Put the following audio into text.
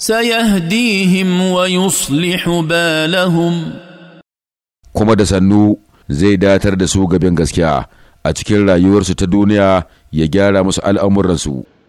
سيهديهم ويصلح lahum. kuma da sannu zai datar da su gaban gaskiya a cikin rayuwarsu ta duniya ya gyara musu al'amuransu.